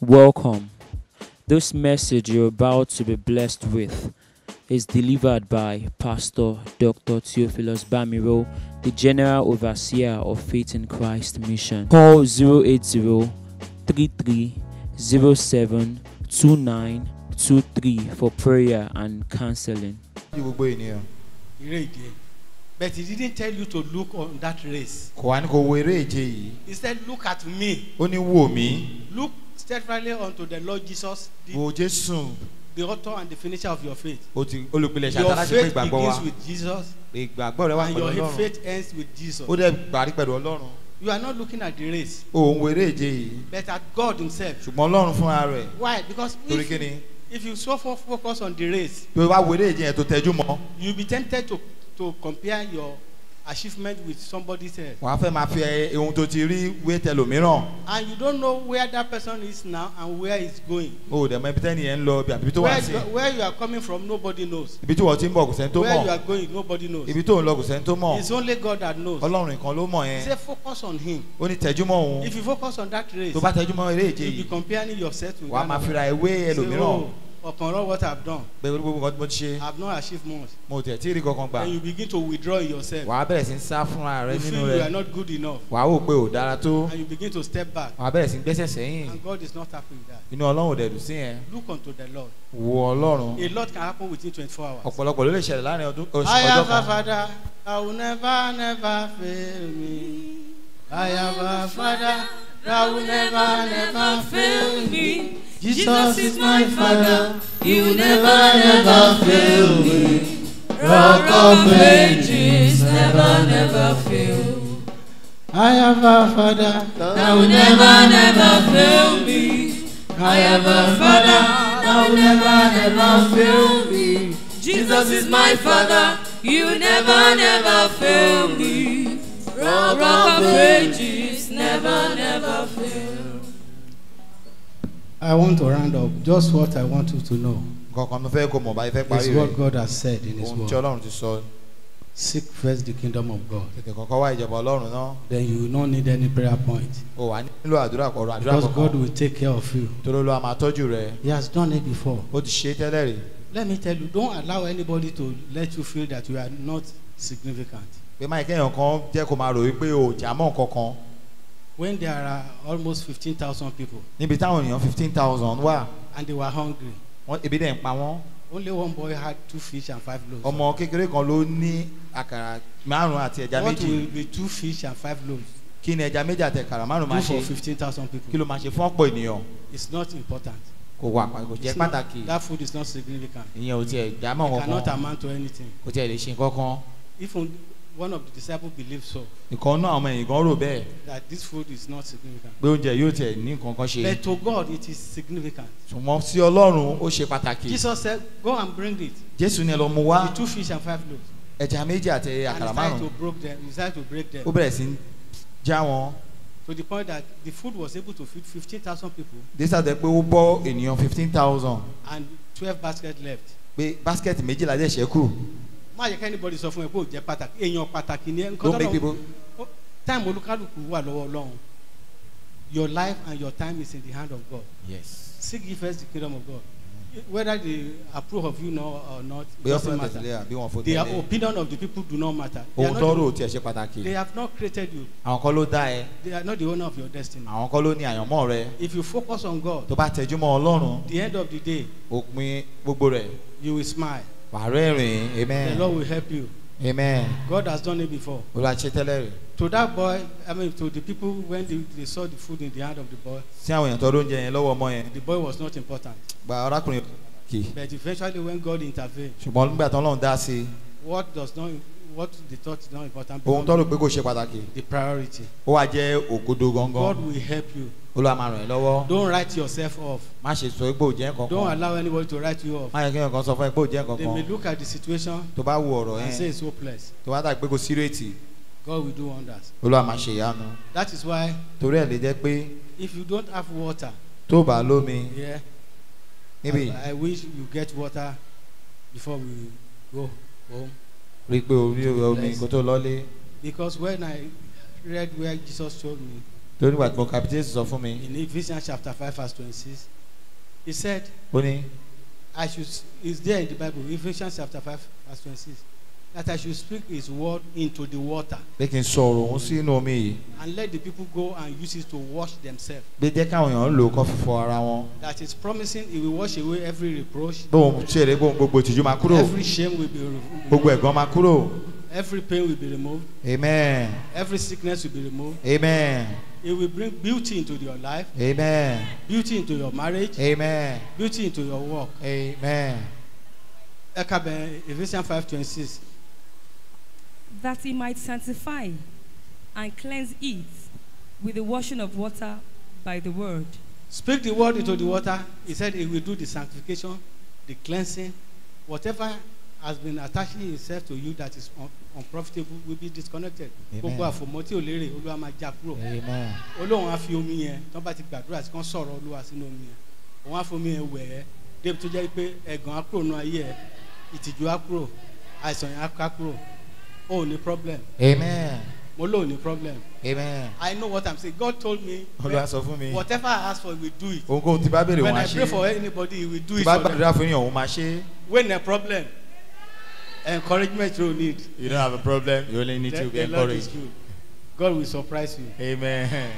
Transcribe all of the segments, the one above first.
Welcome. This message you're about to be blessed with is delivered by Pastor Dr. Theophilus Bamiro, the General Overseer of Faith in Christ Mission. Call 080 for prayer and counseling. You will go in here, But he didn't tell you to look on that race. He said, Look at me. Look steadfastly unto the Lord Jesus. The, wò The author and the finisher of your faith. O ti olùpilẹ̀ṣẹ̀ àtàlásí fún ìgbàgbọ́ wa. Your faith begins with Jesus. Ìgbàgbọ́ rẹ wà pẹ̀lú Ọlọ́run. And your faith ends with Jesus. Ó dẹ̀ gbàrí pẹ̀lú Ọlọ́run. You are not looking at the race. Òun wo eré yìí. But at God himself. Ṣùgbọ́n Ọlọ́run fúnra rẹ̀. Why? Because if. Torí If you so far focus on the race. Bí o bá wo eré yẹn tó tẹ́jú mọ́. You be tempted to to compare your achievement with somebody else. wàá fẹ́ máa fi ohun tó ti rí wé tẹlòmíràn. and you don't know where that person is now and where he's going. o dẹ̀ mọ ibi tẹ́ni yẹn ń lọ àbí tó wà sí. where you are coming from nobody knows. ibi tí wọ́n ti ń bọ̀ kò sẹ́ni tó mọ̀. where you are going nobody knows. ibi tó ń lọ kò sẹ́ni tó mọ̀. it's only God that knows. ọlọ́run nìkan ló mọ̀ yẹn. he say focus on him. ó ní tẹjúmọ́ òun. if you focus on that race. tó bá tẹjúmọ́ eré ìje yìí. you be comparing yourself with. wàá máa fira ewé ẹlòmíràn. Oh, upon all what I've done. pẹ̀lú gbogbo nǹkan tí mo ti ṣe. I've not achieved much. mo tẹ̀ tí ì kankan gbà. and you begin to withdraw yourself. wàá bẹ̀rẹ̀ sí sá fúnra rẹ nínú rẹ. you feel you are not good enough. wàá wò pé ò dára tó. and you begin to step back. wàá bẹ̀rẹ̀ sí gbẹ́sẹ̀ sẹ́yìn. and God is not happy with that. inú ọlọ́run ò dẹ̀ sí yẹn. look unto the Lord. wo ọlọ́run. a lot can happen within twenty-four hours. ọ̀pọ̀lọpọ̀ ló lè ṣẹlẹ̀ láàrin ọdún ọjọ́ kan. I have a father, I will never never fail me. I have a father. that will never, never fail me. Jesus is my Father, He will never, never fail me. Rock of ages, never, never fail. I have a Father that will never, never fail me. I have a Father that will never, never fail me. Jesus is my Father, You will never, never fail me. Rock of ages. never, never fail. I want to round up just what I want you to know. Kankan Is what God has said in his word. Seek first the kingdom of God. Then you will not need any prayer point. Because God will take care of you. He has done it before. Let me tell you, don't allow anybody to let you feel that you are not significant when there are almost fifteen thousand people. níbi táwọn èèyàn fifteen thousand wà. and they were hungry. wọ́n ebi dẹ̀ ń pa wọ́n. only one boy had two fish and five loaves. ọmọ kékeré kan ló ní àkàrà márùn àti ẹja méjì. what will be two fish and five loaves. kí ni ẹja méjì àti àkàrà márùn máa ṣe. do for fifteen thousand people. kí ló máa ṣe fún ọ̀pọ̀ ènìyàn. it's not important. kò wà kò jẹ́ pàtàkì. that food is not significant. ìyẹn ò tiẹ̀ dámọ̀ kankan. it cannot amount to anything. kò tiẹ̀ lè ṣe kankan. even one of the disciples believed so. ìkan náà àwọn èèyàn rò bẹ́ẹ̀. that this food is not significant. pé oúnjẹ yóò tẹ̀ ní nǹkan ṣe. but to God it is significant. ṣùgbọ́n sí Ọlọ́run ó ṣe pàtàkì. Jesus said go and bring it. Jésù ni ẹ wá. the two fish and five loaves. ẹja méjì àti àkàrà márùn. and he started to break them he started to break them. ó bẹ̀rẹ̀ sí já wọn. to the point that the food was able to feed fifteen thousand people. dísà tẹ pé ó bọ́ ènìyàn fifteen thousand. and twelve baskets left. pé basket méjìlá dẹ̀ ṣẹ́kù má yẹ kẹ́ni bọ́dí sọ fún ẹ kó jẹ́ pàtàkì èèyàn pàtàkì ni ẹ nǹkan tó lọ́wọ́ táìmù olúkálùkù wà lọ́wọ́ ọlọ́run your life and your time is in the hand of God. Yes. Seek ye first the kingdom of God. Whether they approve of you now or not, it doesn't matter. The opinion of the people do not matter. Òǹtọ́rò tí ẹ ṣe pàtàkì. They have not created you. Àwọn kan ló dá ẹ. They are not the owner of your destiny. Àwọn kan ló ní àyànmọ́ rẹ. If you focus on God. Tó bá tẹjú mọ́ Ọlọ́run. The end of the day. Òpin gbogbo rẹ̀. You will smile amen. The Lord will help you. Amen. God has done it before. To that boy, I mean to the people when they, they saw the food in the hand of the boy. The boy was not important. But eventually when God intervened. What does not what they thought is not important. The priority. God will help you olúwa máa ràn yín lọ́wọ́. don't write yourself off. má ṣe sọ egbò jẹ́ kankan. don't allow anybody to write you off. má yẹ kí ẹnìkan sọ fún egbò jẹ́ kankan. they may look at the situation. tó bá wo ọ̀rọ̀ yẹn. and say it's hopeless. tó bá dàgbé kó sírètì. God will do wonders. olúwa máa ṣe ìyanu. that is why. torí ẹ̀ lè jẹ́ pé. if you don't have water. tó bá lómi. yeah. níbi. I, I wish you get water before we go home. rí i pé orí omi kò tó lọ́lé. because when I read where Jesus told me torí wàá gbọ́ kàpítẹ́sì sọ fún mi. in Ephesians chapter five verse twenty-six he said. ó ní. I should is there in the Bible Ephesians chapter five verse twenty-six that I should speak his word into the water. Bẹ́ẹ̀ kí n sọ̀rọ̀ òun sí inú omi yìí. And let the people go and use it to wash themselves. Bí jẹ́ káwọn èèyàn lò ó kọ́ fífọ ara wọn. That is promising he will wash away every reproach. Bóun ṣe èrè bóun gbogbo ìtìjú máa kúrò. Every shame will be removed. Gbogbo ẹ̀gàn máa kúrò. Every pain will be removed. Amen. Every sickness will be removed. Amen. It will bring beauty into your life. Amen. Beauty into your marriage. Amen. Beauty into your work. Amen. Ekabe, Ephesians 5:26. That he might sanctify and cleanse it with the washing of water by the word. Speak the word into the water. He said he will do the sanctification, the cleansing, whatever has been attaching himself to you that is un unprofitable will be disconnected. gbogbo àfòmọ́ tí ò lérè olúwa máa já kúrò. olóhùn á fi omi yẹn tó bá ti gbàdúrà sí kan sọ̀rọ̀ olúwa sínú omi yẹn òun á fi omi yẹn wẹ̀ ẹ́ débi tó jẹ́ pé ẹ̀gàn á kúrò nù ayé ẹ̀ ìtìjú á kúrò àìsàn yẹn á ká kúrò ó ní problem. Amen. mo lóò ní problem. Amen. I know what I'm saying. God told me. Olúwa sọ fún mi. Whatever I ask for, we do it. Ohunkóhun tí bá béèrè wọn ṣe. When I pray for anybody, he will do it for me. Tí bá gbàdúrà fún yàn, òun máa ṣe. When a problem. Encouragement you need. You don't have a problem. You only need the, to be encouraged. God will surprise you. Amen.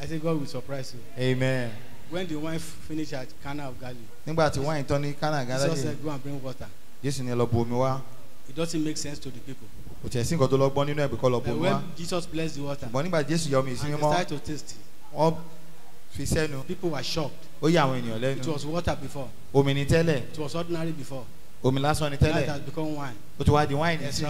I say God will surprise you. Amen. When the wine finished at Cana of Galilee. Nígbà tí wine tán ní Cana of Galilee. Jesus said go and bring water. Jésù ní lọ bu omi wá. It doesn't make sense to the people. Kò tẹ̀ sí nǹkan tó lọ́gbọ́n nínú ẹ̀bùkọ́ lọ bu omi wá. When Jesus blessed the water. Ṣùgbọ́n nígbà Jésù yọ omi ìsinmi mọ́. And they started to taste. Wọ́n fi sẹ́nu. People were shocked. Ó yà àwọn ènìyàn lẹ́nu. It was water before. Omi ni tẹ́lẹ̀. It was ordinary before omi lásán ni tẹ́lẹ̀ ó ti wá di wine sí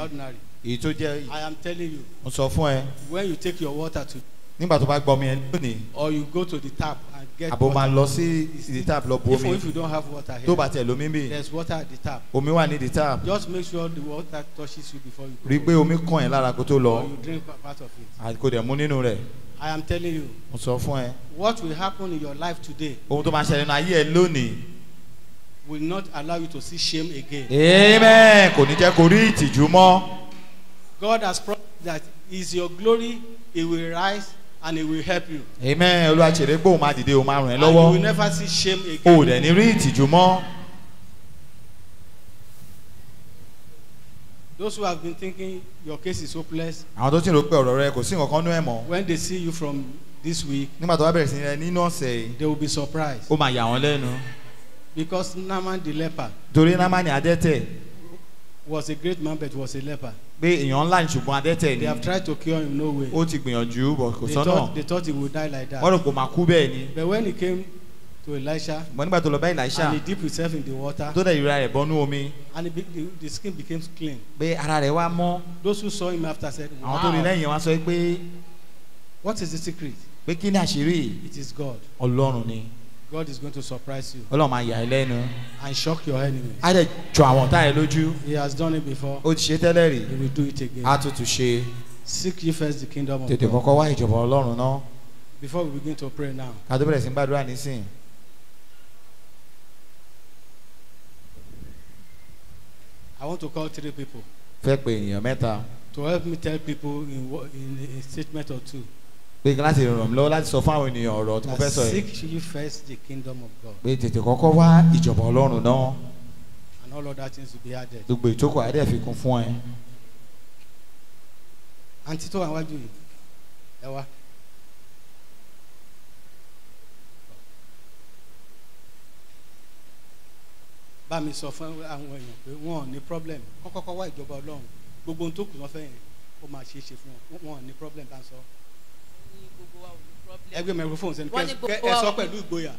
èyí tó jẹ́ yìí mo sọ fún ẹ. when you take your water to. nígbà tó bá gbọ́ mi ẹ lónìí. or you go to the tap and get water. àbò máa lọ sí the tap lọ bu omi. if you don't have water here. tó bá tẹ̀ lómi mi. there is water at the tap. omi wà ní the tap. just make sure the water touches you before you go. rí i pé omi kàn ẹ́ lára kó tó lọ. or you drink part of it. àkó dẹ̀ mú nínú rẹ̀. I am telling you. mo sọ fún ẹ. what will happen in your life today. ohun tó máa ṣẹlẹ̀ nínú ayé ẹ lónìí will not allow you to see shame again. amen kò ní jẹ́ kó rí ìtìjú mọ́. God has promised that is your glory he will rise and he will help you. amen olúwa ṣèrè pé máa dìde òun máa ràn ẹ́ lọ́wọ́. and you will never see shame again. o dẹ̀ ní rí ìtìjú mọ́. those who have been thinking your case is hopeless. àwọn tó ti rò pé ọ̀rọ̀ rẹ kò sí nǹkan nú ẹ̀ mọ́. when they see you from this week. nígbà tó bá bẹ̀rẹ̀ sí ní ọ̀sẹ̀ yìí. they will be surprised. ó máa yà wọ́n lẹ́nu. Because Naman the leper. Torí Naaman adẹ́tẹ̀. Was a great man but was a leper. Pé èèyàn ńlá ní ṣùgbọ́n adẹ́tẹ̀ ni. They have tried to cure him no way. Ó ti gbìyànjú bọ̀ kò sọ́nà. They thought he would die like that. Wọ́n rò pé màá kú bẹ́ẹ̀ ni. But when he came to Elisha. Mo nígbà tó lọ bá Elisha. And he dipped himself in the water. Tó dẹ̀ ìrora rẹ̀ bọ́nú omi. And the, the, the skin became clean. Pé ara rẹ̀ wá mọ́. Those who saw him after said, wow. Àwọn tó rí lẹ́yìn wá sọ pé. What is the secret? Pé kí ni àṣírí? It is God. Ọlọ́run ni. Mm -hmm. God is going to surprise you. Ọlọ́run máa yà ẹ́ lẹ́nu. And shock your enemy. Á dẹ̀ jọ àwọn ọ̀tá rẹ̀ lójú. He has done it before. Ó ti ṣe tẹ́lẹ̀ rí. He will do it again. Á tún tún ṣe. Seek ye first the kingdom of God. Tètè kọ́kọ́ wá ìjọba Ọlọ́run náà. Before we begin to pray now. Ká bẹ̀rẹ̀ sí ń gbàdúrà nísìnyí. I want to call three people. Fẹ́ pe ènìyàn mẹ́ta. To help me tell people in, in a statement or two pé láti ràn lọ́wọ́ láti sọ fún àwọn ènìyàn ọ̀rọ̀ tí mo fẹ́ sọ yìí. seek ye first the kingdom of God. pé tètè kọ́kọ́ wá ìjọba ọlọ́run náà. and all other things will be added. gbogbo ìtókò adé fi kún fún ẹ. àǹtí tó wà wájú yìí ẹ wá. bá mi sọ fún àwọn èèyàn pé wọn ní problem wọn kọ́kọ́ wá ìjọba ọlọ́run gbogbo ohun tó kù wọn fẹ́ yẹn ó máa ṣeé ṣe fún wọn wọn ní problem bá ń sọ ẹgbẹ́ microphone sẹ́ni kẹ́ ẹ sọ pẹ̀lú ìgboyà.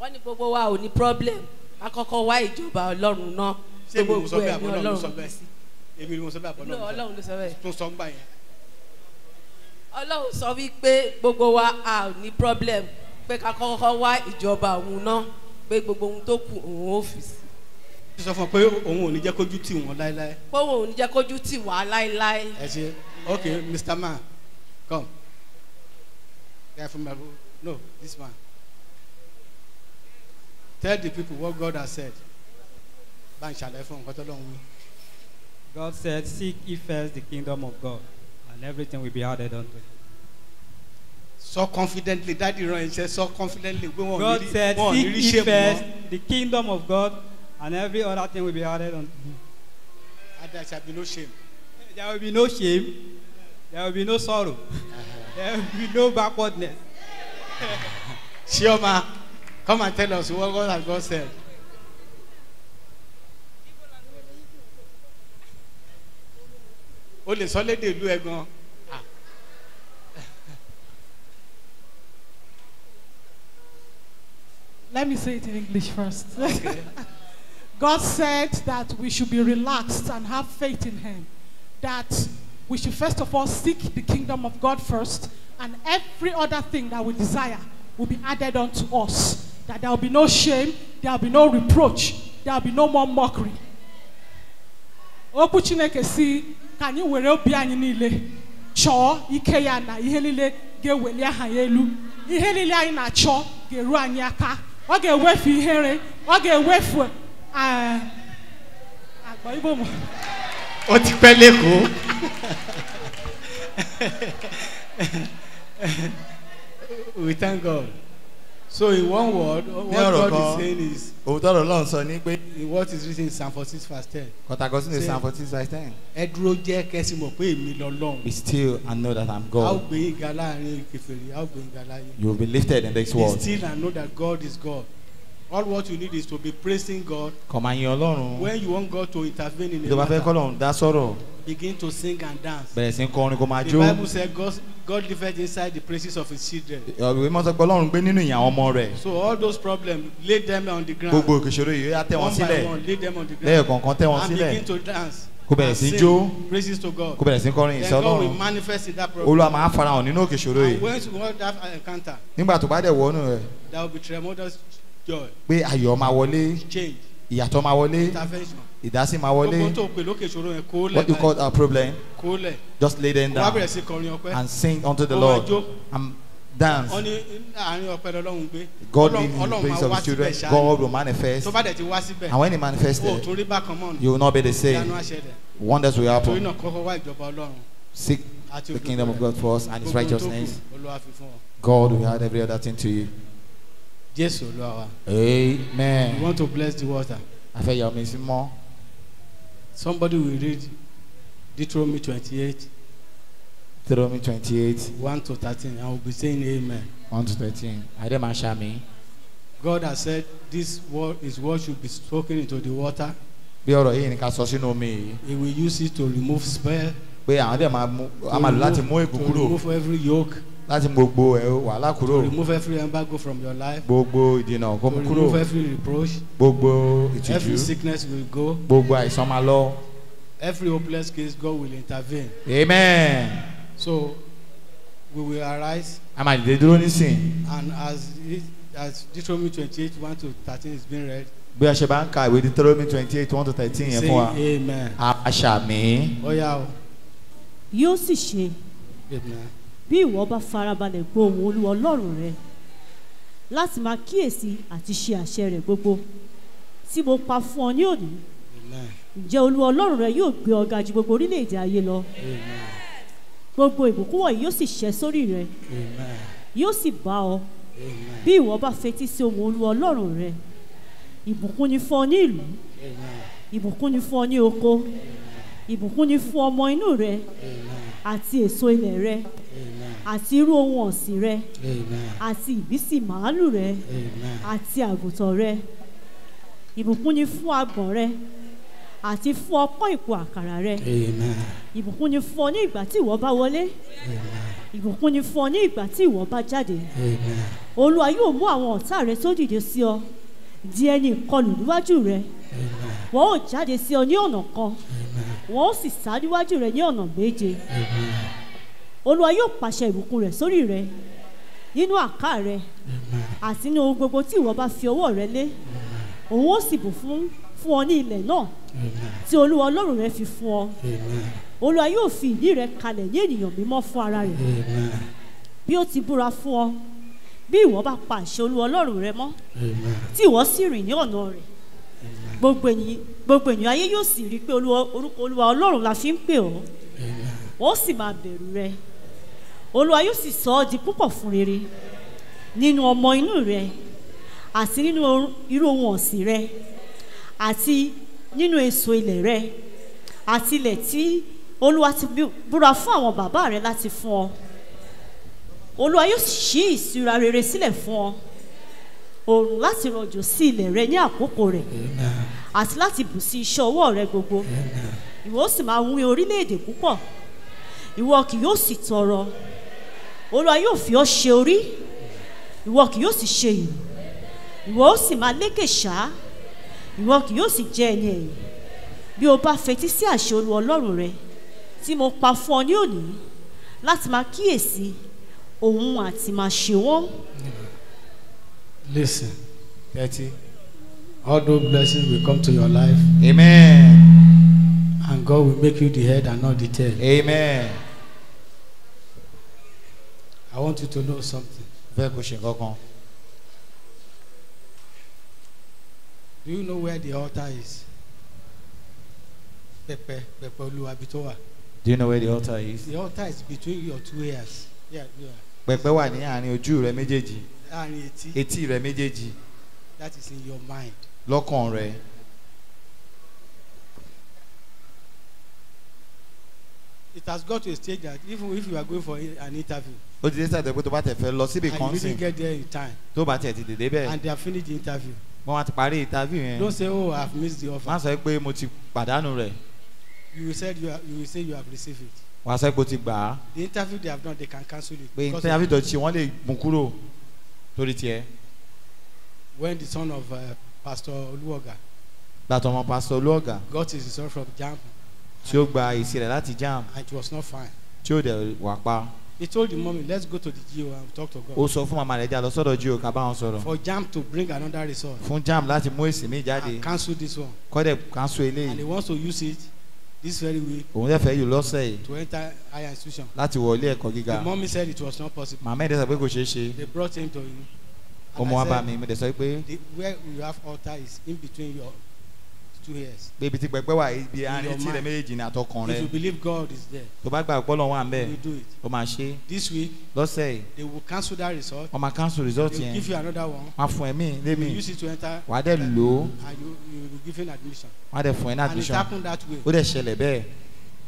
wọ́n ní gbogbo wa ò ní problem akọ́kọ́ wá ìjọba ọlọ́run náà gbogbo ìgbẹ́ ní ọlọ́run kò sí. èmi ni mo sọ bẹ́ẹ̀ àbọ̀ ọlọ́run ló sọ bẹ́ẹ̀. tún sọ ń gbà yẹn. ọlọ́run sọ wípé gbogbo wa a ò ní problem pé kakọ́kọ́ wá ìjọba òun náà pé gbogbo ohun tó kù òun ó fi sí. ó sọ fún ọ pé òun ò ní jẹ́ kójú tì wọ́n láéláé. pé òun ò ní jẹ́ kójú tì wá láéláé. ẹ ṣe ok mr man come guy from Bible. No, this one. Tell the people what God has said. God said, Seek ye first the kingdom of God, and everything will be added unto you. So confidently, Daddy Ryan said, So confidently. we God said, Seek ye first the kingdom of God, and every other thing will be added unto you. And there shall be no shame. There will be no shame. There will be no sorrow. There will be no backwardness. Shioma, come and tell us what God has God said. o sọ lédè ìlú ẹ Let me say it in English first. Okay. God said that we should be relaxed and have faith in Him. That we should first of all seek the kingdom of God first, and every other thing that we desire will be added unto us. That there will be no shame, there will be no reproach, there will be no more mockery. Okwu Chineke si can you wear obi anyị niile chọọ ike ya na ihe niile ge eweli aha ya elu ihe niile anyị na-achọ ga-eru anyị aka ọ ga-ewefu ihere ọ ga-ewefu eh, agba ó ti pẹ́ lẹ́kọ̀ọ́ we thank God so in one word what God is saying is. òótọ́ ọ̀rọ̀ lọ́n sọ ni pé. what is written in Psalm forty six verse ten. kọ̀tàkọ́ sínú Psalm forty six verse ten. ẹ dúró jẹ́ kẹ́sì mọ̀ pé èmi lọ́lọ́run. be still and know that I am God. a ó ga láàrin kèfèrí a ó ga láàyè. you will be lifted in this world. be still and know that God is God all what you need is to be praising God. kọ̀má ọlọ́run. when you want God to intervene in a matter. tó fẹ́ kọ́lọ́run dá sọ̀rọ̀. begin to sing and dance. bẹ̀rẹ̀ sí kọrin kó máa jó. the bible says God, God lives inside the praises of his children. ìwé mọ́tò pé ọlọ́run gbé nínú ìyàn ọmọ rẹ̀. so all those problems lay them on the ground. gbogbo ìṣòro yìí á tẹ̀ wọ́n sílẹ̀. one by one lay them on the ground. lẹ́yìn kọ̀ọ̀kan tẹ̀ wọ́n sílẹ̀. and begin to dance kó bẹ̀rẹ̀ sí jó kó bẹ̀rẹ̀ sí kọrin ìsọ ọlọ́run olúwa máa farahàn nínú òkè ìṣòro yìí nígbà tó bá dẹ̀ wọ́nú rẹ̀. pé ayọ̀ máa wọlé ìyàtọ̀ máa wọlé ìdásí máa wọlé what do you call our uh, problem just lay them down and sing unto the Lord and dance. God ní in the place of his children God will manifest. and when he manifests there. you will not be the same. wonders will happen. seek the kingdom of God first and his righteousness. God will add every other thing to you. Jésù Olúwa Amen. We want to bless the water. A fẹ́ yà omi sí mọ́. Somebody will read Deuteronomy twenty-eight. Deuteronomy twenty-eight. One to thirteen. I will be saying amen. One to thirteen. Adé máa ṣàmì. God has said this word is what should be spoken into the water. Bí ọ̀rọ̀ yìí ni ká sọ sínú omi yìí. He will use it to remove spell. Pé àwọn dẹ̀ máa mú, a máa lò láti mú ègún kúrò. To remove every yoke láti gbogbo ẹ wàhálà kúrò. remove every embargo from your life. gbogbo ìdènà kó mú kúrò. remove every reproach. gbogbo ìtìjú. every sickness will go. gbogbo àìsàn máa lọ. every hopeless case God will intervene. amen. so we will arise. a máa dìde dúró and as it, as Deuteronomy twenty-eight one to thirteen is being read. we are ṣe with Deuteronomy twenty-eight one to thirteen yẹn say amen. a ṣàmì. ó yá o. yóò sì amen bí ìwọ bá farabalẹ̀ gbọ́ ohùn olúwa ọlọ́run rẹ láti máa kíyèsí àti ṣe àṣẹ rẹ gbogbo tí mo pa fún ọ ní òní ǹjẹ́ olúwa ọlọ́run rẹ yóò gbé ọ ga ju gbogbo orílẹ̀-èdè ayé lọ gbogbo ìbùkún wọ̀nyí yóò sì ṣẹ sórí rẹ yóò sì bá ọ bí ìwọ bá fetí sí ohùn olúwa ọlọ́run rẹ ìbùkún ni fún ọ ní ìlú ìbùkún ni fún ọ ní oko ìbùkún ni fún ọmọ inú rẹ àti èso ilẹ̀ rẹ àti irú ohun ọ̀sìn rẹ àti ìbísí màálù rẹ àti àgùntàn rẹ ìbùkún ni fún agbọ̀n rẹ àti fún ọpọ́n ìpò àkàrà rẹ ìbùkún ni fún ọ ní ìgbà tí ìwọ bá wọlé ìbùkún ni fún ọ ní ìgbà tí ìwọ bá jáde olúwa yóò mú àwọn ọ̀tá rẹ tó dìde sí ọ di ẹni ìkọlù níwájú rẹ wọn ò jáde sí ọ ní ọ̀nà kan wọn ò sì sá níwájú rẹ ní ọ̀nà méje olúwa yóò pàṣẹ ìbùkún rẹ̀ sórí rẹ nínú àká rẹ àti ní ohun gbogbo tí ìwọ bá fi ọwọ́ rẹ lé òun ó sì bù fún fún ọ ní ilẹ̀ náà tí olúwa ọlọ́run rẹ fi fún ọ olúwa yóò fi ìdí rẹ kalẹ̀ ní ènìyàn mímọ́ fún ara rẹ bí ó ti búra fún ọ bí ìwọ bá pa àṣẹ olúwa ọlọ́run rẹ mọ́ tí ìwọ sì rìn ní ọ̀nà rẹ gbogbo ènìyàn gbogbo ènìyàn ayé yóò sì rí i pé olúwa ọlọ́run la fi ń pè ọ́ ó sì máa bẹ̀rù rẹ olúwa yóò sì sọ ọ́ di púpọ̀ fún rere nínú ọmọ inú rẹ àti nínú irú ohun ọ̀sìn rẹ àti nínú èso ilẹ̀ rẹ àti ilẹ̀ tí olúwa ti búra fún àwọn bàbá rẹ láti fún ọ olúwa yóò ṣí ìṣúra rere sílẹ̀ fún ọ oòrùn láti rọ̀jò sí ilẹ̀ rẹ ní àkókò rẹ àti láti bù sí iṣẹ́ ọwọ́ rẹ gbogbo ìwọ sì máa wín orílẹ̀-èdè púpọ̀ ìwọ kì yóò sì tọrọ olúwa yóò fi ọ́ ṣe orí ìwọ kì yóò sì ṣe ìlú ìwọ ó sì máa lékè ṣá ìwọ kì yóò sì jẹ ẹni ẹ̀yìn bí o bá fetí sí àṣẹ olú ọlọ́run rẹ tí mo pa fún ọ ní òní láti máa kíyèsí òun àti máa ṣe wọ́n. listen Betty. all those blessings will come to your life. amen. and God will make you the head and not the tail. amen. I want you to know something. Do you know where the altar is? Do you know where the altar is? The altar is between your two ears. Yeah, yeah. Pẹpẹ That is in your mind. Lọ́kàn rẹ. It has got to a stage that even if you are going for an interview ó ti dé sàtẹ pé tó bá tẹ fẹ́ lọ síbi kan sí. I didn't get there in time. tó bá tẹ ti dèdè bẹ́ẹ̀. and they have finished interview. wọ́n wá ti parí interview yẹn. don't say oh I have missed the offer. má sọ pé mo ti pàdánù rẹ̀. you said you, have, you say you have received it. wàá sọ pé ti gbà á. the interview they have done they can cancel it. pé interview tó ti wọ́n lè mú kúrò torí tiẹ̀. when the son of uh, pastor Oluoga. gbàtọ̀ ọmọ pastor Oluoga. got his result from JAMB. tí ó gba èsì rẹ̀ láti jam. and it was not fine. tí ó dẹ̀ wà pa he told the mummy let's go to the geo and talk to God. ó sọ fún màmá rẹ̀ jà lọ sọ́dọ̀ geo ká bá wọn sọ̀rọ̀. for Jam to bring another result. fún Jam, láti mú èsì mi ah, jáde. and cancel this one. kọ́dẹ̀ cancel eléyìí. and he wants to use it this very week. òun yẹ fẹ́ yìí lọ́sẹ̀ yìí. to enter higher institution. láti wọ ilé ẹ̀kọ́ gíga. the mummy said it was not possible. màmá ẹ̀dẹ́sà pé kò ṣeé ṣe. they brought him to you. ọmọ wa bá mi mo dẹ̀ sọ pé. where you have altar is in between your two years. bébí ti pẹpẹ wà ibi àrètí rẹ méjèèjì ní àtọkàn rẹ. if you believe God is there. tó bá gbà pé Ọlọ́run wà ń bẹ̀. do it. máa ṣe. this week. lọ́sẹ̀ yìí. they will cancel that result. wọ́n máa cancel result yẹn. give you another one. wọ́n á fún ẹ míì you use it to enter. wà á dẹ̀ lò ó. you you admission. wọ́n á dẹ̀ fún ẹ ní admission. happened that way. ó dẹ̀ ṣẹlẹ̀ bẹ́ẹ̀.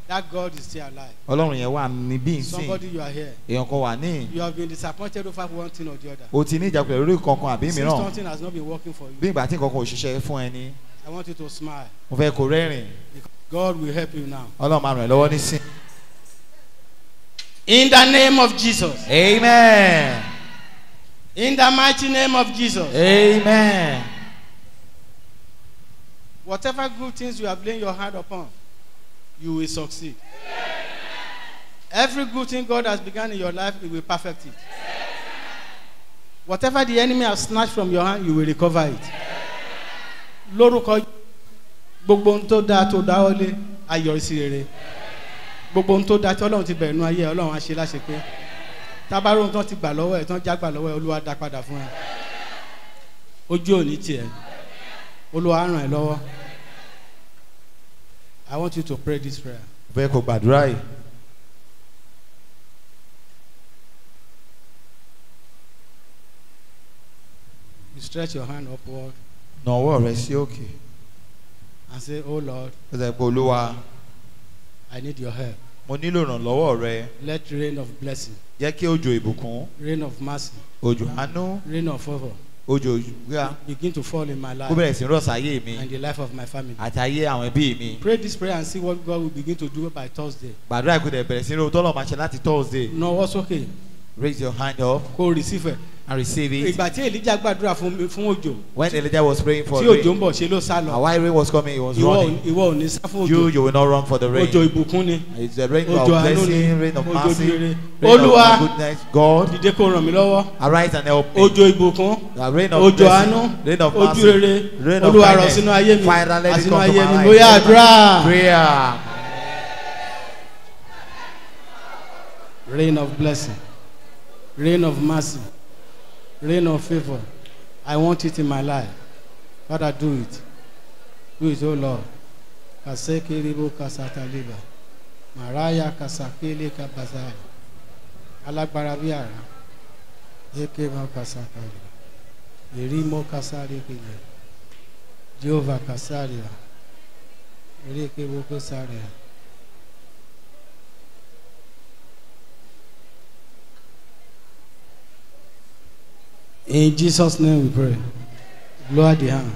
That God is still alive. Ọlọ́run yẹn wà níbí nsìn. Somebody you Èèyàn kan wà ní. You have been disappointed over one thing or the other. O ti ní ìjàkulẹ̀ lórí kankan àbí mìíràn. Since something has not been working for you. Bí ìgbà tí nǹkan ò ṣiṣẹ́ fún ẹni. I want you to smile. Mo fẹ́ kó rẹ́rìn. God will help you now. Ọlọ́run máa ràn ẹ́ lọ́wọ́ nísìn. In the name of Jesus. Amen. In the mighty name of Jesus. Amen. Whatever good things you have laid your hand upon, you will succeed. Amen. Every good thing God has begun in your life, He will perfect it. Amen. Whatever the enemy has snatched from your hand, you will recover it. Amen lórúkọ gbogbo ohun tó dáa tó dáwọ́ lé ayọ̀ sí rere gbogbo ohun tó dáa tí ọlọ́run ti bẹ̀rẹ̀ nu ayé ọlọ́run á ṣe láṣẹ pé tábàárò ohun tó ti gbà lọ́wọ́ ẹ̀ tó ń já gbà lọ́wọ́ ẹ̀ olúwa dá padà fún ẹ ojú òní tiẹ̀ olúwa á ràn ẹ́ lọ́wọ́ I want you to pray this prayer. bẹ́ẹ̀ kò gbàdúrà yìí. You stretch your hand upward na ọwọ́ rẹ sí òkè. I say oh Lord. Ó Olúwa. I need your help. Mo nílò ìrànlọ́wọ́ rẹ. Let rain of blessing. Jẹ́ kí òjò ìbùkún. Rain of mercy. Òjò àánú. Rain of favour ojo gbígbá. begin to fall in my life. kó sí rọ̀sà ayé mi. and the life of my family. àti ayé àwọn ẹbí mi. pray this prayer and see what God will begin to do by Thursday. gbàdúrà ìkúdẹ̀ bẹ̀rẹ̀ sí ní o tọ́lọ̀ máa ṣe láti Thursday. nawọ́ sókè. raise your hand up. kó o receive it and receive it. ìgbà tí elijah gbàdúrà fún fún òjò. when elijah was praying for rain. tí òjò ń bọ̀ ṣe ló sá lọ. and while rain was coming he was ìwọ, running. ìwọ ò ní sá fún òjò. you you will not run for the rain. òjò ìbùkún ni. it's the rain of blessing rain of mercy rain Olúwa, of goodness God. dìde kó ràn mí lọ́wọ́. arise and help me. òjò ìbùkún. the rain of òjò àánú. rain of mercy rain of kindness. Olúwa rọ̀ sínú ayé mi. fire let it come to my life. prayer. rain of blessing rain of mercy. Rain of favor. I want it in my life. Father, do it. Do it, oh Lord. Kasekiribo kasataliba. Maraya kasakele kabazari. Alágbára bí àrá. Eke ma kasakali. Erimo kasari kile. Jehovah kasaria. Erike wo kasaria. In Jesus' name we pray. Lower the hand.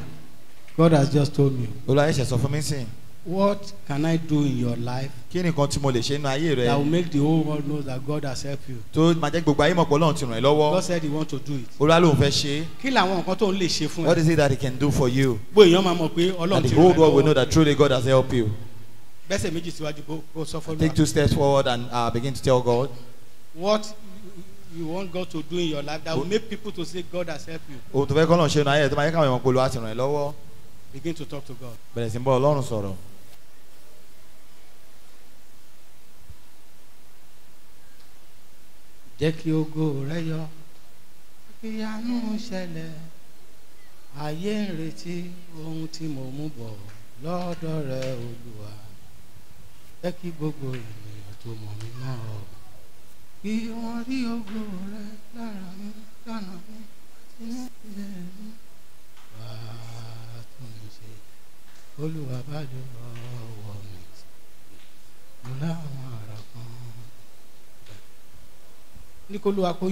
God has just told me. Olúwa ẹ̀ṣẹ̀ sọ fún mi sìn. What can I do in your life? Kí ni nǹkan tí mo lè ṣe nínú ayé rẹ? That will make the whole world know that God has helped you. Tó máa jẹ́ gbogbo ayé mọ̀ pé Ọlọ́run ti ràn ẹ́ lọ́wọ́. God said he want to do it. Olúwa lòun fẹ́ ṣe é. Kí làwọn nǹkan tó ń lè ṣe fún ẹ? What is it that he can do for you? Gbogbo èèyàn máa mọ̀ pé Ọlọ́run ti ràn ẹ́ lọ́wọ́. And the whole world will know that truly God has helped you. Bẹ́sẹ̀ méjì síwájú kó sọ fún mi. Take two steps forward and uh, begin to tell God. What you want God to do in your life that will make people to say God has helped you. ohun tó fẹ́ kọ́ lọ́n ṣe nu ayé tó máa káwọn èèyàn polówó àti ràn yín lọ́wọ́. begin to talk to God. bẹ̀rẹ̀ sí ń bọ́ ọlọ́run sọ̀rọ̀. jẹ́ kí ògo rẹ yọ kí ṣẹlẹ̀ ayé ń retí ohun tí mo mú bọ̀ lọ́dọ̀ rẹ olúwa jẹ́ kí gbogbo ènìyàn tó mọ̀ mí mọ́ kí wọ́n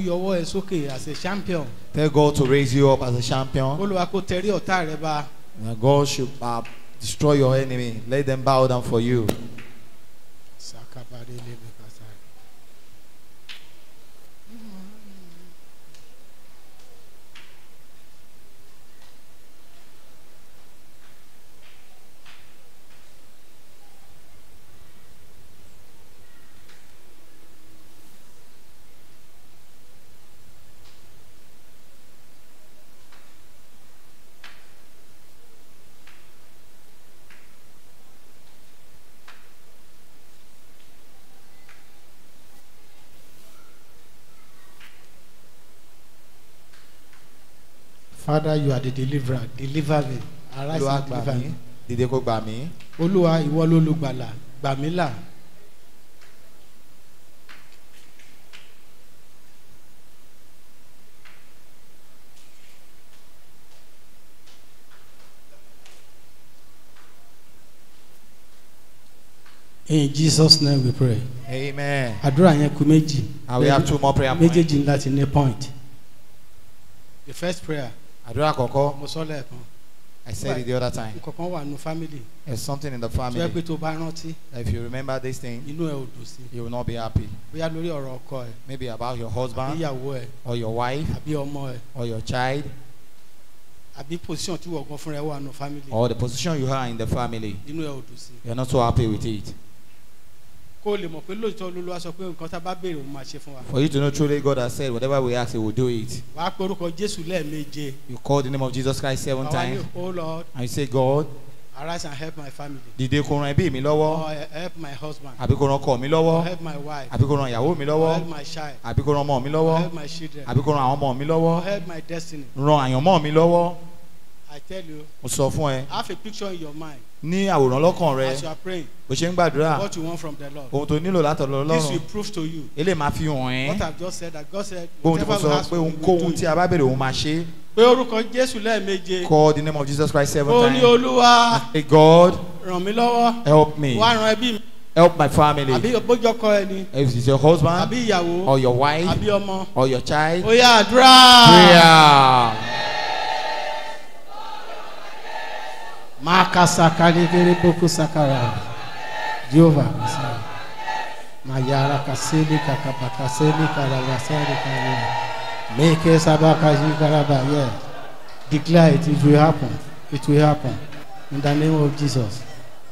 yọ ọwọ́ ẹ sókè as a champion. tell God to raise you up as a champion. olúwa kó tẹrí ọ̀tá rẹ bá. na God should uh, destroy your enemy let them bow down for you. sakabare lebe. Father, you are the deliverer. Deliver me. Arise Olúwa, and deliver me. Dìde kó gbà mí. Olúwa, ìwọ lolùgbàlà, gbà mí là. In Jesus' name we pray. Amen. Àdúrà yẹn kù méjì. Ah, we have two more prayer points. Méjèèjì ńlá ti ní point. The first prayer. àdúrà àkọ́kọ́. mo sọ lẹ́ẹ̀kan. I said it the other time. nǹkankan wà nù family. there's something in the family. tó yẹ pé tó bá rántí. if you remember this thing. inú ẹ ò dùn sí. you will not be happy. bóyá lórí ọ̀rọ̀ ọkọ ẹ. maybe about your husband. àbí ìyàwó ẹ. or your wife. àbí ọmọ ẹ. or your child. àbí position tí wọ́n gan fúnra ẹ wà nù family. or the position you are in the family. inú ẹ ò dùn sí. you are not so happy with it kó lè mọ̀ pé lóòótọ́ olúwa sọ pé nǹkan tá a bá béèrè òun máa ṣe fún wa. for you to know truly God has said whatever we ask he will do it. wàá pe orúkọ Jésù lẹ́ẹ̀méje. you call the name of Jesus Christ seven times. àwọn yóò oh Lord. and you say God. arise and help my family. dìde kó ran ẹbí mi lọ́wọ́. help my husband. àbí kó ran ọkọ mi lọ́wọ́. help my wife. àbí kó ran ìyàwó mi lọ́wọ́. help my child. àbí kó ran ọmọ mi lọ́wọ́. help my children. àbí kó ran àwọn ọmọ mi lọ́wọ́. help my destiny. ran àyànmọ́ mi lọ́wọ́. I tell you. Mo sọ fún ẹ. Have a picture in your mind. Ní àwòrán lọ́kàn rẹ. As you are praying. ṣe ń gbàdúrà. What you want from the Lord. Ohun tó nílò látọ̀ lọ This will prove to you. Eléyìí máa fi hàn ẹ́. What I just said that God said. Ohun tí mo sọ pé ohunkóhun tí a bá bèrè òun máa ṣe Pé orúkọ Jésù lẹ́ẹ̀meje. Call the name of Jesus Christ seven times. Ó Olúwa. Hey God. Ràn mí lọ́wọ́. Help me. Wá ran ẹbí mi. Help my family. Àbí bójọkọ ẹni. If it's your husband. Àbí ìyàwó. Or your wife. Àbí ọmọ. Or your child. Ó àdúrà. Prayer. makasakagegere bokusakara jehova mayara kaseli kakaba kaseli karabasari karaba a sabakaji karaba yes declare it it will happen it will happen in the name of jesus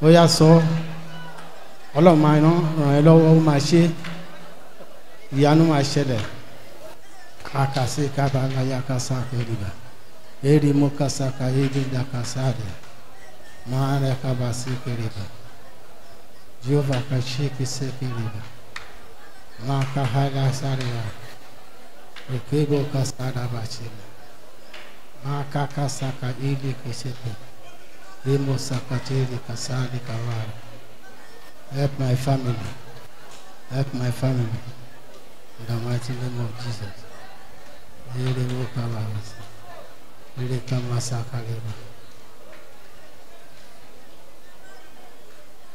ó yà sọ ọlọ́run máa ràn ẹ́ lọ́wọ́ ó máa ṣe ìyanu máa ṣẹlẹ̀ kakasi kabalayakasa keriba eri mukasaka eri dakasa rẹ̀. Mara kabasi kiriba. Juva kachiki se kiriba. Maka haga saria. Rikibo kasada bachila. Maka kasaka ili kisete. Limo sakatiri kasali kawara. Help my family. Help my family. In the mighty name of Jesus. Ele mo kawara. Ele kamasaka kiriba.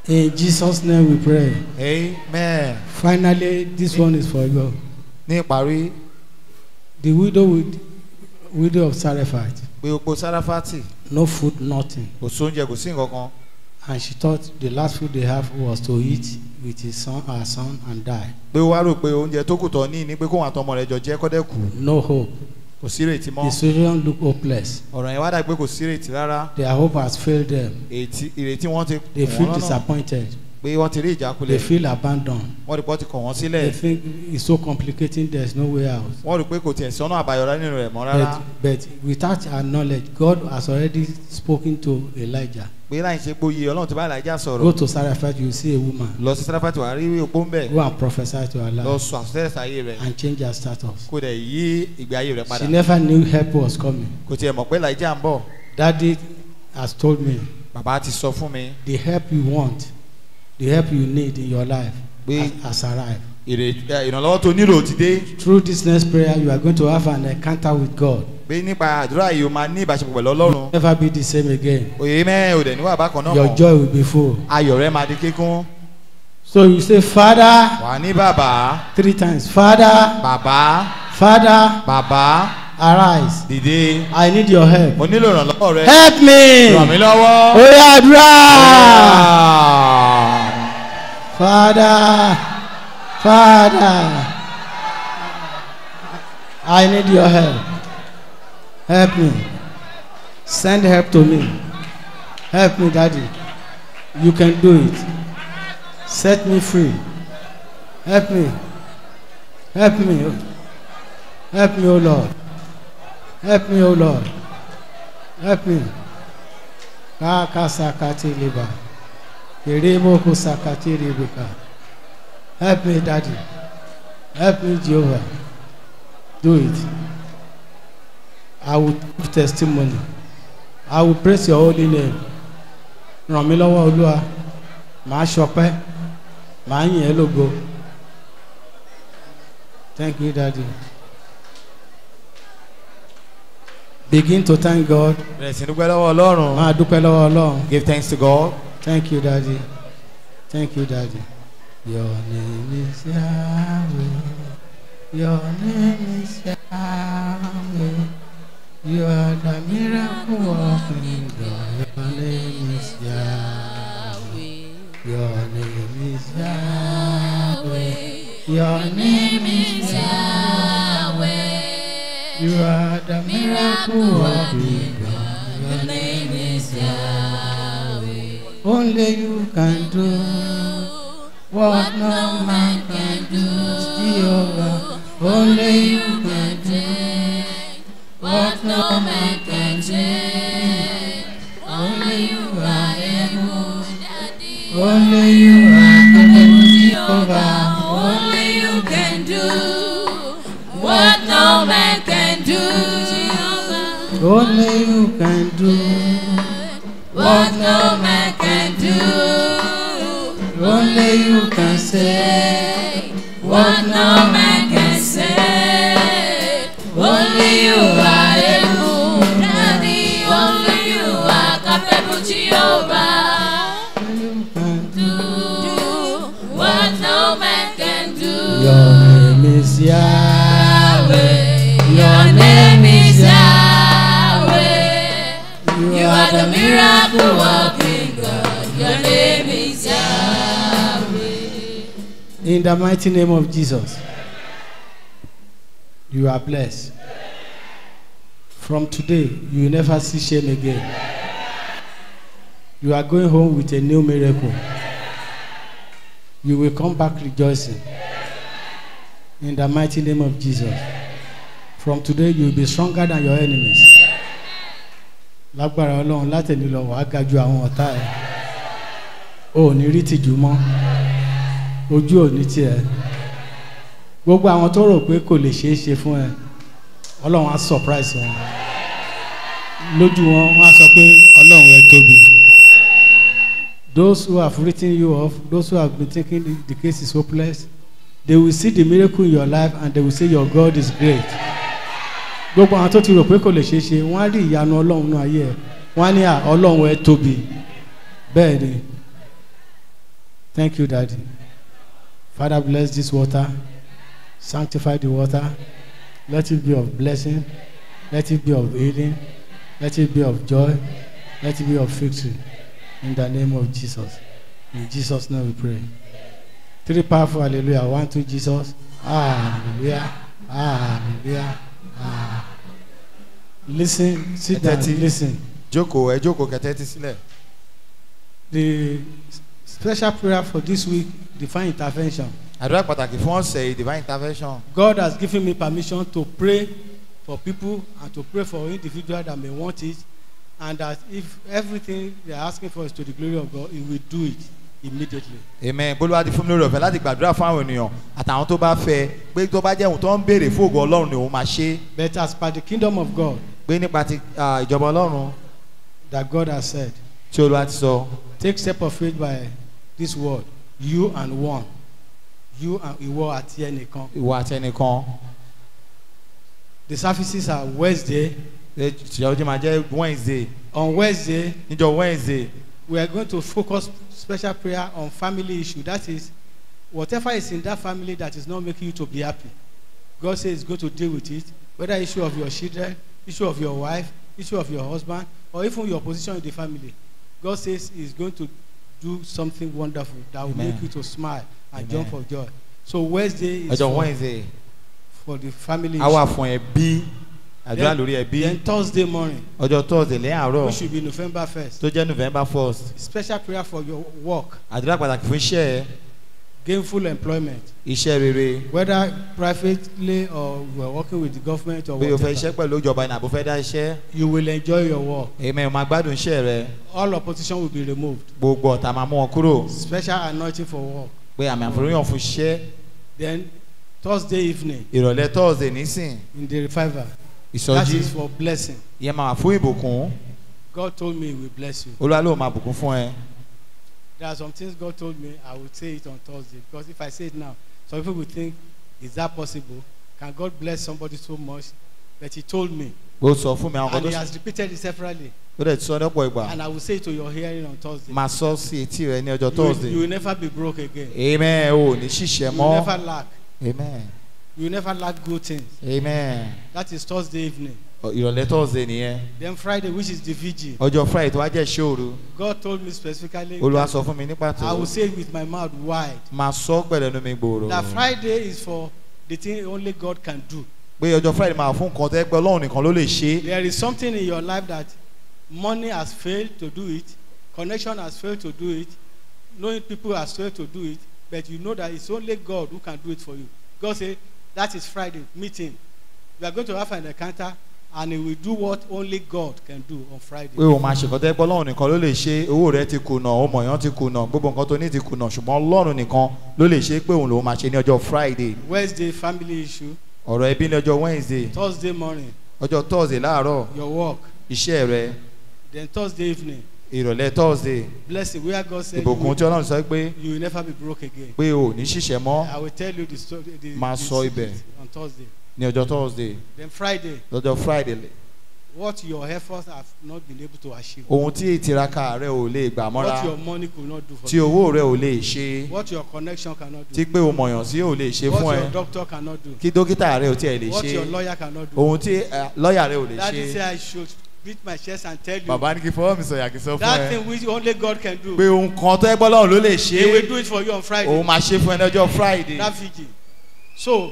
In Jesus' name we pray. Amen. Finally, this In, one is for you. Ní ìparí. The widow with widow of Sarafat. Pé opó Sarafati. No food, nothing. Kò sóúnjẹ, kò sí nǹkan kan. And she thought the last food they have was to eat with his son, her son and die. Pé ó wá rò pé oúnjẹ tó kù tán ní ní pé kóun àtọmọ rẹ̀ jọ jẹ́ kọ́dẹ̀ No hope kò sí ìrètí mọ́. the situation look hopeless. ọ̀rọ̀ yẹn wá dà pé kò sí ìrètí rárá. their hope has failed them. ètí ìrètí wọn ti kọ̀ wọ́n lọ́nà. they feel disappointed. pé wọ́n ti rí ìjákulẹ̀. they feel abandoned. wọ́n rí pé wọ́n ti kọ̀ wọ́n sílẹ̀. they think it's so complicating. There's no way out. wọ́n rí pé kò tiẹ̀ sọ́nà àbáyọ̀rá nínú rẹ̀ mọ́ rárá. but without our knowledge God has already spoken to Elijah pé láì ṣe gbóyè ọlọ́run ti bá àlàjá sọ̀rọ̀. go to Sarafat you see a woman. lọ sí Sarafat wàá rí opó ń bẹ̀. go and prophesy to her life. lọ sọ àṣẹ ṣayé rẹ. and change her status. kò dẹ̀ yí ìgbé ayé rẹ padà. she never knew help was coming. kò tiẹ̀ mọ̀ pé àlàjá ń bọ̀. daddy has told me. bàbá ti sọ fún mi. the help you want the help you need in your life has, has arrived ìrànlọ́wọ́ tó nílò ti dé. through this next prayer you are going to have an encounter with God. pé nípa àdúrà yìí o máa ní ìbáṣepọ̀ pẹ̀lú Ọlọ́run. never be the same again. òye mẹ́ òdẹ̀ níwà bákan náà mọ̀. your joy will be full. ayọ̀ rẹ máa di kíkún. so you say father. wà ní bàbá. three times father. bàbá. father. bàbá. arise. dìde. I need your help. mo nílò ìrànlọ́wọ́ rẹ. help me. ràn mí lọ́wọ́. ó àdúrà. father. Father, I need your help. Help me. Send help to me. Help me, Daddy. You can do it. Set me free. Help me. Help me. Help me, O oh Lord. Help me, O oh Lord. Help me. Kaka sakati liba. Kirimo sakati libika. Help me, Daddy. Help me, Jehovah. Do it. I will give testimony. I will praise your holy name. Ràn mí lọ́wọ́ Olúwa. Màá ṣọpẹ́. Màá yìn ẹ́ lógo. Thank you, Daddy. Begin to thank God. Bẹ̀rẹ̀ sí dúpẹ́ lọ́wọ́ Ọlọ́run. Máa dúpẹ́ lọ́wọ́ Ọlọ́run. Give thanks to God. Thank you, Daddy. Thank you, Daddy. Your name is Yahweh. Your name is Yahweh. You are the miracle working God. Your name is Yahweh. Your name is Yahweh. Your name is Yahweh. You are the miracle working God. Your name is Yahweh. Only you can do. What no man can do, Jehovah, only you can take. What no man can take, only you are able, only you are able, Jehovah, only you can do. What no man can do, Jehovah, only you can do. you can say what now in the mighty name of Jesus. You are blessed. From today, you will never see shame again. You are going home with a new miracle. You will come back rejoicing. In the mighty name of Jesus. From today, you will be stronger than your enemies. Lágbára Ọlọ́run látẹ̀lé lọ wàá ga ju àwọn ọ̀tá ẹ̀. O ò ní rí tìjú mọ́ ojú ò ní tiẹ̀ gbogbo àwọn tó rò pé kò lè ṣeé ṣe fún ẹ ọlọ́run á surprise wọn lójú wọn wọn á sọ pé ọlọ́run ẹ tóbi those who have written you off those who have been taking the, the case is hopeless they will see the miracle in your life and they will say your God is great gbogbo àwọn tó ti rò pé kò lè ṣeé ṣe wọn á rí ìyanu ọlọ́run náà ayé ẹ wọn á ní à ọlọ́run ẹ tóbi bẹ́ẹ̀ ni thank you daddy. Father, bless this water. Sanctify the water. Let it be of blessing. Let it be of healing. Let it be of joy. Let it be of victory. In the name of Jesus. In Jesus' name we pray. Three powerful hallelujah. One, two, Jesus. Hallelujah. Hallelujah. hallelujah. Listen, sit down, listen. Joko, ẹ jókòó kẹ́tẹ́tí sílẹ̀. The Special prayer for this week, divine intervention. Àdúrà pàtàkì fún ọ̀sẹ̀ yìí, divine intervention. God has given me permission to pray for people and to pray for individuals that may want it and that if everything they are asking for is to the glory of God, he will do it immediately. Amen. Bolúwa ti fún mi lórí ọ̀fẹ́ láti gbàdúrà fún àwọn ènìyàn àtàwọn tó bá fẹ́ pé tó bá jẹ́ òun tó ń béèrè fún ògo Ọlọ́run ni òun máa ṣe. But as per the kingdom of God. Pé nípa ti ìjọba Ọlọ́run. That God has said tí olúwa ti sọ. take step of faith by this word you and one you and ìwọ àti ẹnìkan. ìwọ àti ẹnìkan. the services are Wednesday. ṣèyàwó jẹ́ máa jẹ́ Wednesday. on Wednesday. níjọ́ Wednesday. we are going to focus special prayer on family issue that is whatever is in that family that is not making you to be happy God says he's going to deal with it whether issue of your children issue of your wife issue of your husband or even your position in the family God says He's going to do something wonderful that will Amen. make you to smile and Amen. jump for joy. So Wednesday is for, Wednesday. for the family. Àwa fún ẹbí àdúrà lórí ẹbí. Then Thursday morning. Ọjọ́ Thursday lẹ́yìn àárọ̀. we should be November first. Tó jẹ́ November first. Special prayer for your work. Àdúrà pàtàkì fún iṣẹ́ ẹ gainful employment. iṣẹ́ rere. whether privately or you working with the government or whatever. bí o fẹ́ iṣẹ́ pẹ̀lú ìjọba ní àbò fẹ́ dá iṣẹ́. you will enjoy your work. èmi ò máa gbádùn iṣẹ́ rẹ. all opposition will be removed. gbogbo ọ̀tá máa mú wọn kúrò. special anointing for work. pé àmì àforíyàn fún iṣẹ́. then thursday evening. ìrọ̀lẹ́ thursday nísìn. in the revival. ìsọjí that is for blessing. yẹ máa fún ìbùkún. God told me he will bless you. olúwa ló máa bùkún fún ẹ there are some things God told me I would say it on Thursday because if I say it now, some people will think, is that possible? Can God bless somebody so much? But He told me. Ó sọ fún mi And He has repeated it separately. And I will say it to your hearing on Thursday. Màá You will never be broke again. Amen. O You will never lack. Amen. You will never lack good things. Amen. That is Thursday evening ìrọ̀lẹ́ tọ́sídẹ̀ẹ́ nìyẹn. then friday which is the vigil. ọjọ́ friday tó wá jẹ́ ṣòro. god told me specifically. olúwa sọ fún mi ní pàtó. i will say with my mouth wide. màá sọ pẹ̀lú ẹnu mi gbòòrò. that friday is for the thing only god can do. pé ọjọ́ friday máa fún nǹkan tẹ́ pé ọlọ́run nìkan ló lè ṣe. there is something in your life that money has failed to do it connection has failed to do it knowing people has failed to do it but you know that it's only god who can do it for you god say that is friday meeting we are going to have an encounter and he will do what only God can do on Friday. pé o máa ṣe nǹkan tó yẹ pé ọlọ́run nìkan ló lè ṣe owó rẹ ti kùnà ọmọ èèyàn ti kùnà gbogbo nǹkan tó ní ti kùnà ṣùgbọ́n ọlọ́run nìkan ló lè ṣe pé òun lòun máa ṣe ní ọjọ́ Friday. Wednesday family issue. ọ̀rọ̀ ẹbí ní ọjọ́ Wednesday. Thursday morning. ọjọ́ Thursday láàárọ̀. your work. iṣẹ́ rẹ. then Thursday evening ìrọ̀lẹ́ thursday blessing where God said ìbùkún tí ọlọ́run sọ pé you will never be broke again pé o ní ṣiṣẹ́ mọ́ I will tell you the story máa sọ ibẹ̀ on Thursday ní ọjọ́ thursday. then friday. lọ́jọ́ friday. what your efforts have not been able to achieve. ohun tí ìtiraka rẹ ò lè gbà mọ́ra. what your money could not do for you. tí owó rẹ ò lè ṣe. what your connection cannot do. tí pé o mọ̀yàn sí ò lè ṣe fún ẹ. what your doctor cannot do. kí dókítà rẹ ò tiẹ̀ lè ṣe. what your lawyer cannot do. ohun tí lọ́ọ̀yà rẹ ò lè ṣe. that is why I should beat my chest and tell you. Bàbá ní kí fọwọ́ mi sọ yàgì sọ fún ẹ. That thing which only God can do. Pé ohun kan tó ẹgbọ́n lọ́run ló lè ṣe. He will do it for you on Friday. Òun máa ṣe fún ẹ lọ́jọ́ Friday. Traffic. So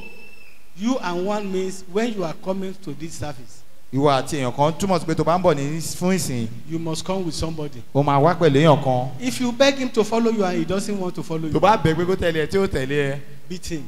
you and one means when you are coming to this service. ìwọ àti èèyàn kan túmọ̀ sí pé tó bá ń bọ̀ ní fún ìsìn. you must come with somebody. o máa wá pẹ̀lú èèyàn kan. if you beg him to follow you and he doesn't want to follow you. tó bá bẹ̀ pé kó tẹ̀lé ẹ tí ó tẹ̀lé ẹ. beat him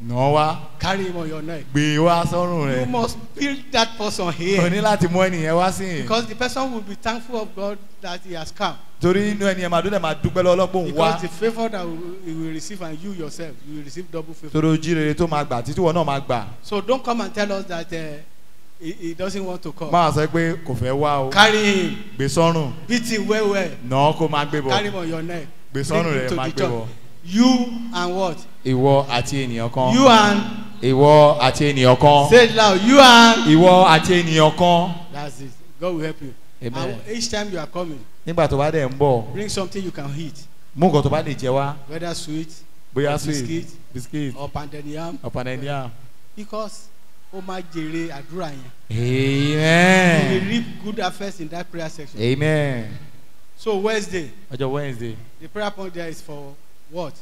nà wá. carry him on your neck. gbé e wá sọ́rùn rẹ. you must build that person here. o ní láti mú ẹnìyẹn wá sí. because the person will be thankful of God that he has come. torí inú ẹnìyẹn màá dúdẹ màá dúpẹ́ lọ́lọ́pọ̀ ń because the favour that he will receive and you yourself you will receive double favour. torí ojú rere tó máa gbà títí wọn náà máa gbà. so don't come and tell us that uh, he, he doesn't want to come. máa sọ pé kò fẹ́ wá o. carry him. gbé sọ́rùn. beat him well well. nà no, kó máa gbé bọ̀. carry him on your neck. gbé sọ́rùn rẹ máa gbé bọ̀ you and what. ìwọ àti ènìyàn kan. you and. ìwọ àti ènìyàn kan. say it loud you and. ìwọ àti ènìyàn kan. that's it God will help you. amen and each time you are coming. nígbà tó bá dẹ̀ ń bọ̀. bring something you can eat. mú nǹkan tó bá lè jẹ wá. whether sweet. bóyá sweet biscuit. biscuit or pounded yam. or pounded yam. because ó máa jèrè àdúrà yẹn. amen. We will reap good harvest in that prayer section. amen. so wednesday. ọjọ́ wednesday. the prayer point there is for What?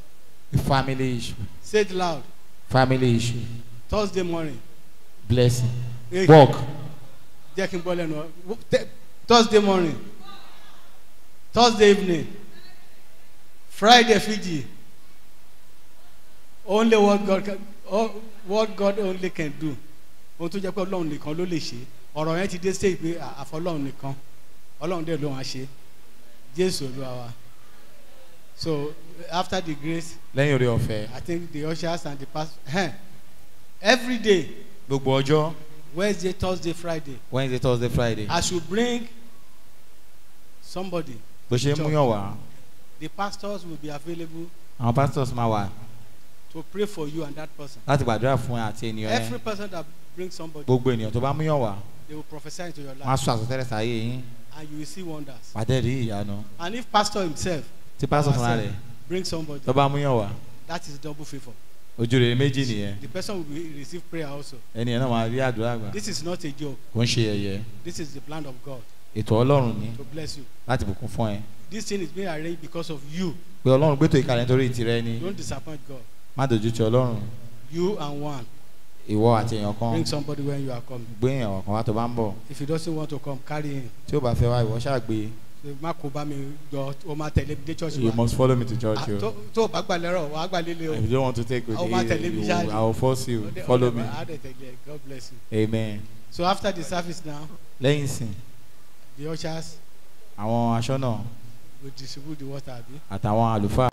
Family issue. Say it loud. Family issue. Thursday morning. Blessing. Walk. Work. Jẹ́ kí n Thursday morning. Thursday evening. Friday Fiji. Only what God can, oh, what God only can do. Ohun tó jẹ́ pé Ọlọ́run nìkan ló lè ṣe. Ọ̀rọ̀ yẹn ti dé sí ìpè àfọlọ́run nìkan. Ọlọ́run dẹ̀ ló wá ṣe. Jésù Olúwa wa so after the grace. lẹ́yìn orí ọ̀fẹ́. I think the ushers and the pastor. Eh, every day. gbogbo ọjọ́. Wednesday, Thursday, Friday. Wednesday, Thursday, Friday. I should bring somebody. bó ṣe mú yàn wá. The pastors will be available. àwọn pastors máa wà. to pray for you and that person. láti gbàdúrà fún ẹ àti ènìyàn yẹn. every person that brings somebody. gbogbo ènìyàn tó bá mú yàn wá. they will prophesy into your life. wọ́n sọ àsọtẹ́lẹ̀ sáyé and you will see wonders. pàdé rí ìyanu. and if pastor himself ti pastor fúnra rẹ̀ bring somebody tó bá mú yàn wá that is double favour ojúre méjì nìyẹn. the person will receive prayer also. ẹni náà wàá rí àdúrà gbà. this is not a joke. kò ń ṣe ẹ̀yẹ. this is the plan of God. ètò ọlọ́run ni. to bless you. láti bùkún fún ẹ. this thing is being arranged because of you. pé ọlọ́run gbẹ́tò ìkàlẹ̀ nítorí tirẹ̀ ni. don't disappoint God. má dojú ti ọlọ́run. you and one. ìwọ àti èèyàn kan. bring somebody when you are coming. gbé èèyàn kan wá tó bá ń bọ̀. if he doesn't want to come carry him. tí ó bá fẹ́ wá ìwọ ṣáà gbé e. You must follow me to church. Ah, you. If you don't want to take with me, I will force you. Follow me. God bless you. Amen. So after the service now, lẹ́yìn sing. the ushers. àwọn aṣọ náà. distribute the water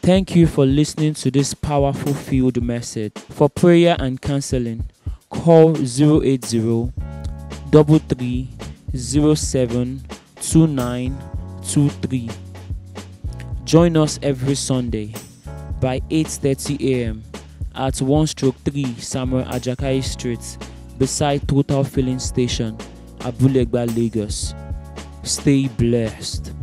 Thank you for listening to this powerful field message. For prayer and counseling, call zero eight zero double three zero seven two nine three. Join us every Sunday by 8:30 a.m. at 1 stroke 3 Samuel Ajakai Street beside Total Filling Station, Abulegba, Lagos. Stay blessed.